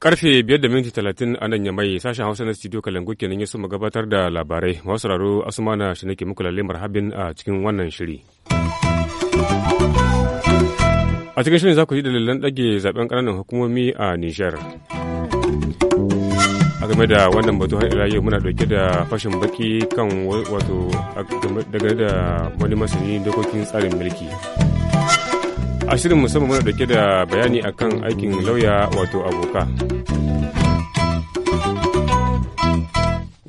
Karfe biyar da minti talatin a nan mai sashen Hausa na studio Kalangu kenan ya suma gabatar da labarai. Masu raro Asumana shi nake muku lalle marhabin a cikin wannan shiri. A cikin shirin za ku ji dalilan ɗage zaben ƙananan hukumomi a Nijar. a game da wannan batu har ila yau muna dauke da fashin baki kan wato daga da wani masani dokokin tsarin mulki a shirin musamman muna dauke da bayani akan aikin lauya wato aboka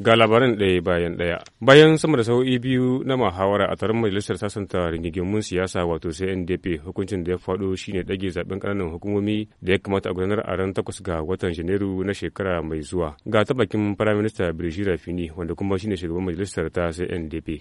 ga labaran ɗaya bayan ɗaya bayan sama da sau'i biyu na mahawara a taron majalisar sasanta rigigimun siyasa wato cndp hukuncin da ya faɗo shine ɗage zaben ƙananan hukumomi da ya kamata a gudanar a ran takwas ga watan janairu na shekara mai zuwa ga ta bakin firaminista birishira fini wanda kuma shine shugaban majalisar ta cndp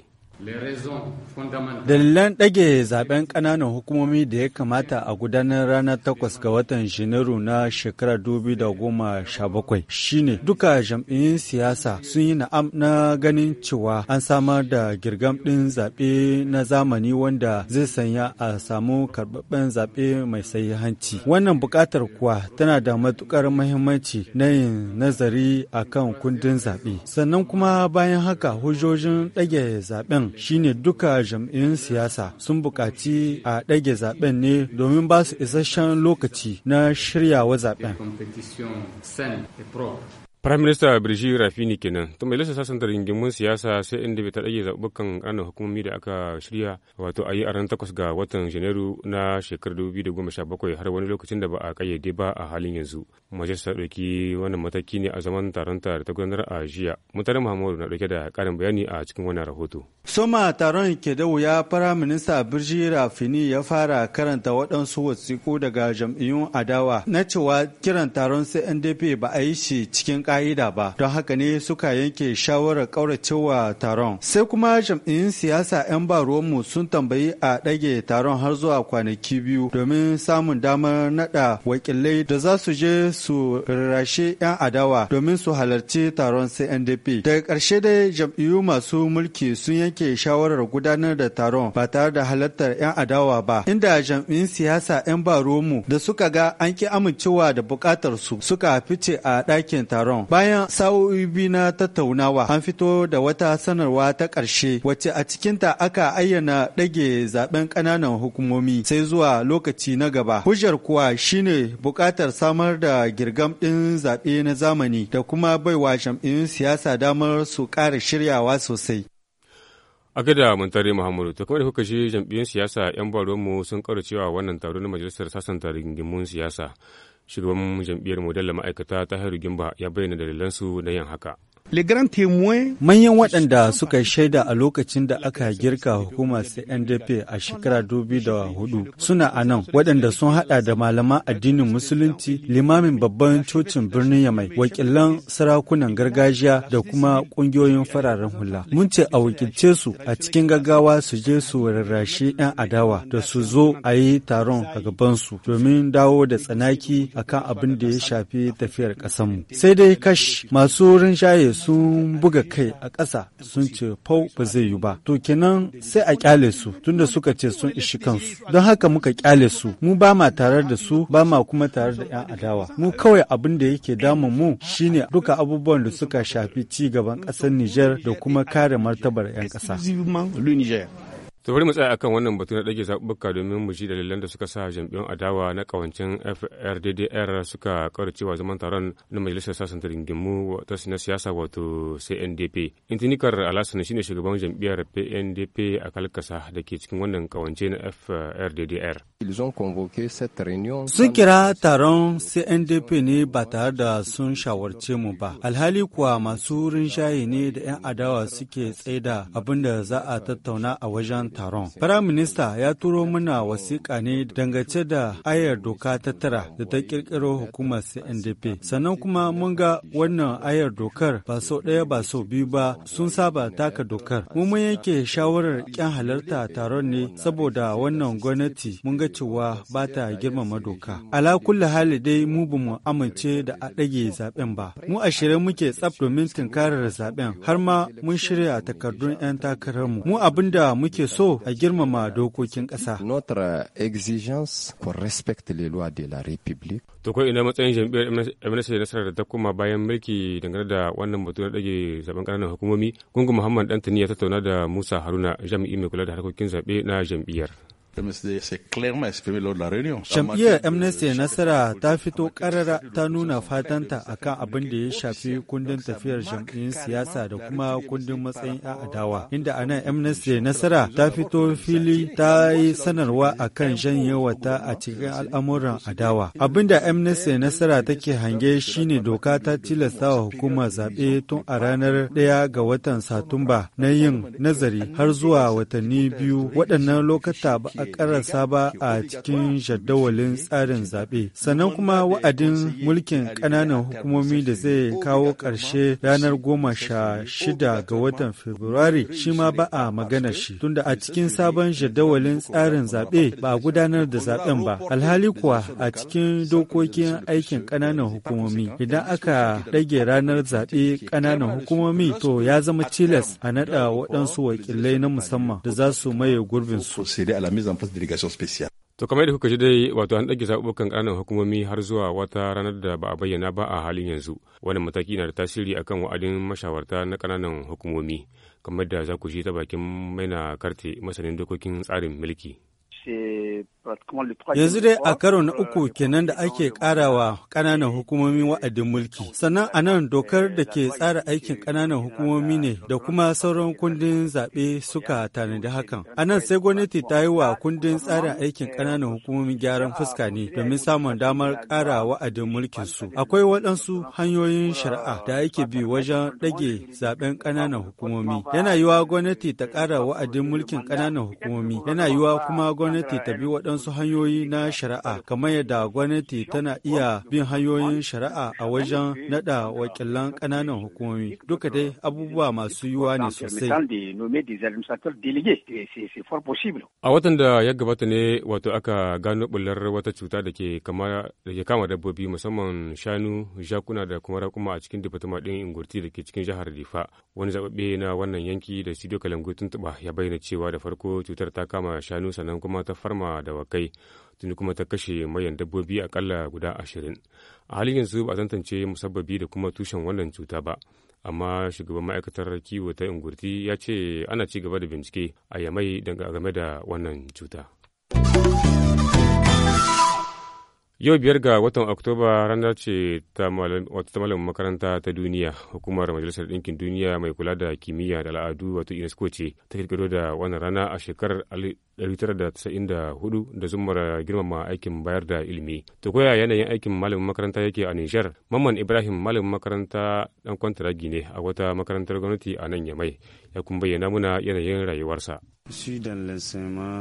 Dalilan ɗage zaben ƙananan hukumomi da ya kamata a gudanar rana takwas ga watan Janairu na shekara goma sha bakwai shine duka jam'iyyun siyasa sun yi na'am na ganin cewa an samar da girgam ɗin zaɓe na zamani wanda zai sanya a samu karɓaɓɓen zaɓe mai sayi hanci. Wannan buƙatar kuwa tana da matuƙar mahimmanci na yin nazari a kan kundin zaɓe. Sannan kuma bayan haka hujjojin ɗage zaɓen shine duka jam'iyyun siyasa sun buƙaci a ɗage zaben ne domin ba su isasshen lokaci na shiryawa zaben. Prime Minister Brigitte Rafini kenan ta majalisar sassan rigimin siyasa sai inda bai ta ɗage zaɓuɓɓukan ƙananan hukumomi da aka shirya wato a yi a ran takwas ga watan Janairu na shekarar 2017 har wani lokacin da ba a ƙayyade ba a halin yanzu. Majalisar ɗauki wannan mataki ne a zaman taron ta da ta gudanar a jiya. Mutane Muhammadu na ɗauke da ƙarin bayani a cikin wannan rahoto. Soma taron ke da wuya Prime Minister Brigitte Rafini ya fara karanta waɗansu wasiƙu daga jam'iyyun adawa na cewa kiran taron sai NDP ba a yi shi cikin ka'ida ba don haka ne suka yanke shawarar kauracewa taron sai kuma jam'iyyun siyasa 'yan baruwanmu sun tambayi a ɗage taron har zuwa kwanaki biyu domin samun damar naɗa wakilai da za su je su rarrashe 'yan adawa domin su halarci taron CNDP. Daga ƙarshe dai jam'iyyu masu mulki sun yanke shawarar gudanar da taron ba tare da halartar 'yan adawa ba, inda jam'in siyasa 'yan mu da suka ga an ki amincewa da buƙatar su suka fice a ɗakin taron. Bayan sa'o'i biyu na tattaunawa an fito da wata sanarwa ta ƙarshe wacce a cikinta aka ayyana ɗage zaben ƙananan hukumomi sai zuwa lokaci na gaba. Hujjar kuwa shine buƙatar samar da girgam ɗin zaɓe na zamani da kuma baiwa jam'iyyun siyasa damar su ƙara shiryawa sosai. a gada muntari muhammadu ta kuma da kuka shi jam'iyyun siyasa 'yan baronmu sun ƙaura cewa wannan taro na majalisar sasanta rigingimun siyasa shugaban jam'iyyar modalla ma'aikata ta hairu gimba ya bayyana dalilansu na yin haka Manyan waɗanda suka shaida a lokacin da aka girka hukumar CNDP a shekara hudu suna a nan waɗanda sun haɗa da malaman addinin musulunci limamin babban cocin birnin Yamai wakilan sarakunan gargajiya da kuma ƙungiyoyin fararen hula. Mun ce a wakilce su a cikin gaggawa su je su rarrashi 'yan adawa da su zo a yi taron a gaban su domin dawo da tsanaki akan abin da ya shafi tafiyar ƙasanmu. Sai dai kash masu rinjaye sun buga kai a ƙasa sun ce fau ba zai yi ba to kenan sai a kyale su tunda suka ce sun ishi kansu don haka muka kyale su mu ba ma tare da su ba ma kuma tare da yan adawa mu kawai abin da yake damun mu shine duka abubuwan da suka shafi ci gaban ƙasar Nijar da kuma kare martabar yan ƙasa To bari mu tsaya akan wannan batu na ɗage zaɓuɓɓuka domin mu ji dalilan da suka sa jam'iyyun adawa na ƙawancin FRDDR suka cewa zaman taron na majalisar sassan rigingimu ta na siyasa wato CNDP. Intinikar alasan shine shugaban jam'iyyar PNDP a Kalkasa da ke cikin wannan ƙawance na FRDDR. Sun kira taron CNDP ne ba tare da sun shawarce mu ba. Alhali kuwa masu shayi ne da 'yan adawa suke tsaida abin da za a tattauna a wajen taron. Firaminista ya turo mana wasiƙa ne dangace da ayar doka ta tara da ta ƙirƙiro hukumar CNDP. Sannan kuma mun ga wannan ayar dokar ba sau ɗaya ba sau biyu ba sun saba taka dokar. Mu mun yanke shawarar ƙyan halarta taron ne saboda wannan gwamnati mun ga cewa ba ta girmama doka. Ala kulli hali dai mu ba mu amince da a ɗage zaɓen ba. Mu a muke tsaf domin tunkarar zaɓen har ma mun shirya takardun 'yan takararmu. Mu abin da muke so a girmama dokokin ƙasa. Notre exigence qu'on respecte les lois de la République. To ko ina matsayin jam'iyyar MNC da nasarar da ta koma bayan mulki dangane da wannan batu na dage zaben ƙananan hukumomi. Gungun Muhammad Dantani ya tattauna da Musa Haruna jami'i mai kula da harkokin zaɓe na jam'iyyar. Jam'iyyar Amnesty Nasara ta fito karara ta nuna fatanta akan abin da ya shafi kundin tafiyar jam'iyyun siyasa da kuma kundin matsayin a adawa. Inda ana nan Amnesty Nasara ta fito fili ta yi sanarwa akan janyewa ta a cikin al'amuran adawa. Abin da Amnesty Nasara take hange shine doka ta tilasta wa hukumar zaɓe tun a ranar ɗaya ga watan Satumba na yin nazari har zuwa watanni biyu waɗannan lokata ba a karasa ba a cikin jadawalin tsarin zaɓe. Sannan kuma wa'adin mulkin ƙananan hukumomi da zai kawo ƙarshe ranar goma sha shida ga watan februari shi ma ba a magana shi. Tunda a cikin sabon jadawalin tsarin zaɓe ba a gudanar da zaɓen ba. Alhali kuwa a cikin dokokin aikin ƙananan hukumomi idan aka ɗage ranar zaɓe ƙananan hukumomi to ya zama tilas a naɗa waɗansu wakilai na musamman da za su maye gurbinsu. Zamfas Delegation Special. To kamar yadda kuka ji dai wato an ɗage zaɓuɓɓukan ƙananan hukumomi har zuwa wata ranar da ba a bayyana ba a halin yanzu. Wannan mataki na da tasiri akan wa'adin mashawarta na ƙananan hukumomi kamar da za ku ji ta bakin maina karte masanin dokokin tsarin mulki. Yanzu dai a karo na euh, uku kenan da ake karawa ƙananan hukumomi wa'adin mulki. Sannan a nan dokar da ke tsara aikin ƙananan hukumomi ne da kuma sauran kundin zaɓe suka tanadi hakan. A nan sai gwamnati ta yi wa kundin tsarin aikin euh, ƙananan hukumomi gyaran fuska ne domin samun damar ƙara wa'adin mulkin su. Akwai waɗansu hanyoyin shari'a da ake bi euh, wajen ɗage zaɓen ƙananan hukumomi. Yana yiwa gwamnati ta ƙara wa'adin mulkin ƙananan hukumomi. Yana yiwa kuma gwamnati ta bi waɗansu waɗansu hanyoyi na shari'a kamar yadda gwamnati tana iya bin hanyoyin shari'a a wajen naɗa wakilan ƙananan hukumomi duka dai abubuwa masu yiwuwa ne sosai. A watan da ya gabata ne wato aka gano bullar wata cuta da ke kama dabbobi musamman shanu, jakuna da kuma rakuma a cikin difatuma ɗin Ingurti da ke cikin jihar Difa. Wani zaɓaɓɓe na wannan yanki da studio Kalangu tuntuɓa ya bayyana cewa da farko cutar ta kama shanu sannan kuma ta farma da dawakai tuni kuma ta kashe mayan dabbobi akalla guda ashirin a halin yanzu ba a tantance musabbabi da kuma tushen wannan cuta ba amma shugaban ma'aikatar kiwo ta ingurti ya ce ana ci gaba da bincike a yamai game da wannan cuta. Yau biyar ga watan Oktoba ranar ce ta malamin makaranta ta duniya, hukumar Majalisar Ɗinkin Duniya mai kula da kimiyya da al'adu wato UNESCO ce ta kirkiro da wannan rana a shekarar 1994 da zumar girmama aikin bayar da ilimi. Ta koya yanayin aikin malamin makaranta yake a Nijar, Mamman Ibrahim malamin makaranta ɗan kwantaragi ne a wata makarantar gwamnati a nan Yamai, ya kuma bayyana muna yanayin rayuwarsa.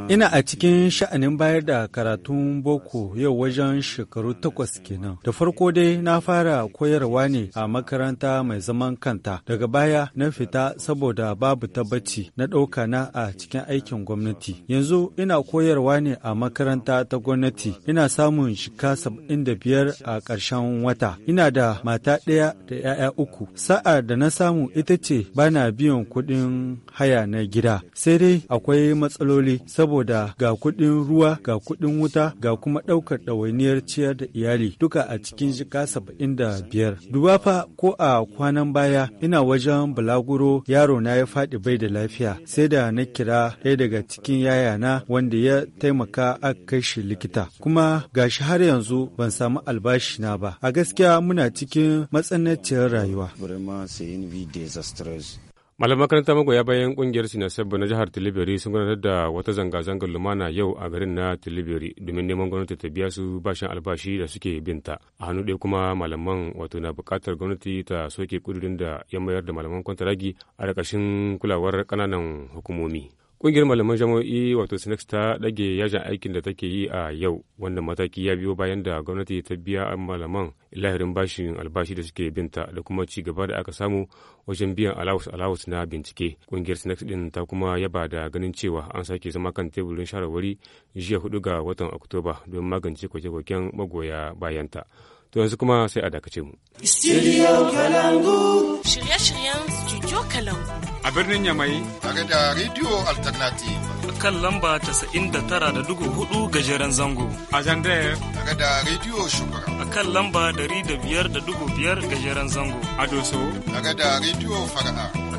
Ina a cikin sha'anin bayar da karatun boko yau wajen shekaru takwas kenan. Da farko dai na fara koyarwa ne a makaranta mai zaman kanta. Daga baya na fita saboda babu tabbaci na ɗauka na a cikin aikin gwamnati. Yanzu ina koyarwa ne a makaranta ta gwamnati. Ina samun shika saba'in da biyar a ƙarshen wata. Ina da mata ɗaya da 'ya'ya uku. Sa'a da na samu ita ce bana biyan kuɗin haya na gida. Sai dai a akwai matsaloli saboda ga kuɗin ruwa ga kuɗin wuta ga kuma ɗaukar ɗawainiyar ciyar da iyali duka a cikin jika saba'in da biyar. Duba fa ko a kwanan baya ina wajen bulaguro yaro na ya faɗi bai da lafiya sai da na kira ɗaya daga cikin yayana wanda ya taimaka aka kai shi likita kuma ga shi har yanzu ban samu albashi na ba a gaskiya muna cikin matsananciyar rayuwa. Malam makaranta ya bayan kungiyar Sinasabba na jihar Tilibiri sun gudanar da wata zanga-zangar lumana yau a garin na Tilibiri domin neman gwamnati ta biya su bashin albashi da suke binta. A hannu ɗaya kuma malaman wato na buƙatar gwamnati ta soke kudurin da ya mayar da malaman kwantaragi a ƙarƙashin kulawar ƙananan hukumomi. Ƙungiyar malaman jami'o'i wato sinex ta ɗage yajin aikin da take yi a yau wannan mataki ya biyo bayan da gwamnati ta biya malaman lahirin bashin albashi da suke binta da kuma ci gaba da aka samu wajen biyan alawus alawus na bincike. Ƙungiyar sinex ɗin ta kuma yaba da ganin cewa an sake zama kan teburin shawarwari jiya hudu ga watan Oktoba don magance kwake-kwaken magoya bayanta. To yanzu kuma sai a dakace mu. Studio Kalangu. Shirye-shiryen Studio Kalangu. a birnin Yamai. Tare da Radio Alternative. A kan lamba tara da dugu hudu gajeren zango. A Zandaya. Tare da Radio Shugura. A kan lamba dari da da dugu biyar gajeren zango. A Doso. Tare da Radio Fara'a.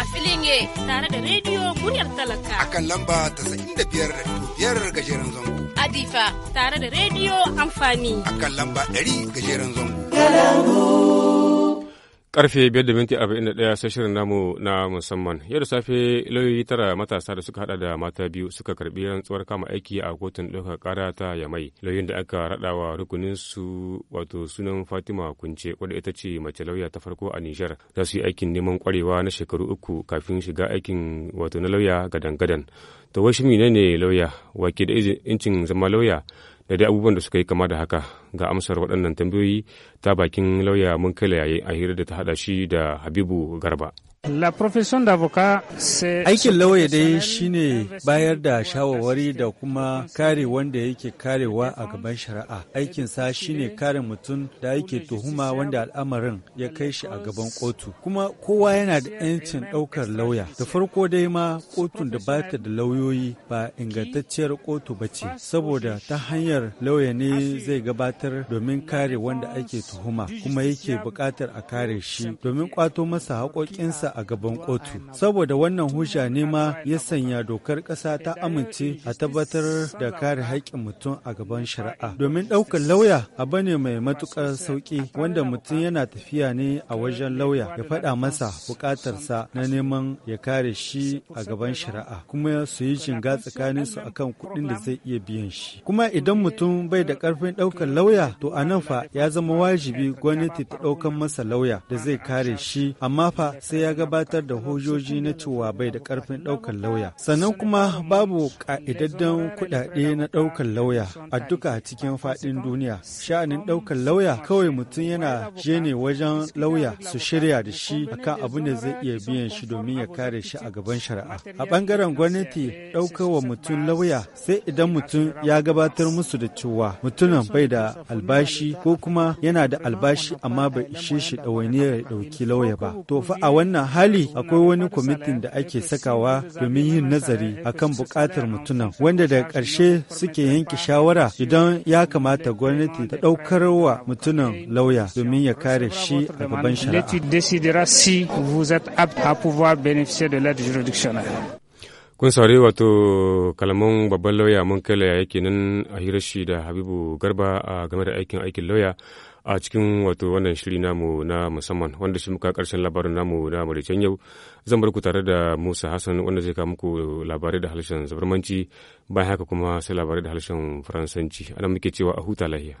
a filin ye tare da rediyo muryar talaka akan lamba da biyar da biyar gajeren zango adifa tare da rediyo amfani akan lamba ɗari gajeren zango Karfe 5.41 sai shirin namu na musamman. Yau da safe lauyoyi tara matasa da suka hada da mata biyu suka karbi rantsuwar kama aiki a kotun ɗaukar ƙara ta Yamai. Lauyoyin da aka raɗawa rukunin su wato sunan Fatima Kunce wadda ita ce mace lauya ta farko a Nijar. Za su yi aikin neman kwarewa na shekaru uku kafin shiga aikin wato na lauya gadan-gadan. To wai shi ne lauya? Wake da incin zama lauya? da dai abubuwan da suka yi kama da haka ga amsar waɗannan tambayoyi ta bakin lauya mun kai layaye a hira da ta haɗa shi da habibu garba Aikin lauya dai shine bayar da shawarwari da kuma kare wanda yake karewa a gaban shari'a. aikin Aikinsa shine kare mutum da yake tuhuma wanda al'amarin ya kai shi a gaban kotu. Kuma kowa yana da 'yancin ɗaukar lauya. Da farko dai ma kotun da bata da lauyoyi ba ingantacciyar kotu ba ce, saboda ta hanyar lauya ne zai gabatar domin kare wanda ake tuhuma kuma yake buƙatar a kare shi domin kwato masa haƙoƙinsa a gaban kotu. Saboda wannan hujja ne ma ya sanya dokar ƙasa ta amince a tabbatar da kare haƙƙin mutum a gaban shari'a. Domin ɗaukar lauya abu ne mai matuƙar sauƙi wanda mutum yana tafiya ne a wajen lauya ya faɗa masa buƙatarsa na neman ya kare shi a gaban shari'a kuma su yi jinga tsakaninsu akan kuɗin da zai iya biyan shi. Kuma idan mutum bai da ƙarfin ɗaukar lauya to a nan fa ya zama wajibi gwamnati ta ɗaukar masa lauya da zai kare shi amma fa sai ya ga gabatar da hujoji na cewa bai da karfin ɗaukar lauya. Sannan kuma babu ka'idaddan kuɗaɗe na ɗaukar lauya a duka cikin faɗin duniya. Sha'anin ɗaukar lauya kawai mutum yana je ne wajen lauya su shirya da shi akan abin da zai iya biyan shi domin ya kare shi a gaban shari'a. A bangaren gwamnati ɗaukar wa mutum lauya sai idan mutum ya gabatar musu da cewa mutumin bai da albashi ko kuma yana da albashi amma bai ishe shi ɗawainiyar ya ɗauki lauya ba. To fa a wannan hali akwai wani kwamitin da ake sakawa domin yin nazari akan buƙatar mutunan wanda daga ƙarshe suke yanke shawara idan ya kamata gwamnati ta ɗaukar wa mutunan lauya domin ya kare shi a gaban shari'a. kun saurari wato kalaman babban lauya mun kai lauya yake nan a hirar shi da habibu garba a game da aikin aikin lauya a cikin wato wannan shiri namu na musamman wanda shi muka karshen labarin namu na maraicen yau zan bar ku tare da musa hassan wanda zai kawo muku labarai da harshen zabarmanci bayan haka kuma sai labarai da harshen faransanci ana muke cewa a huta lahiya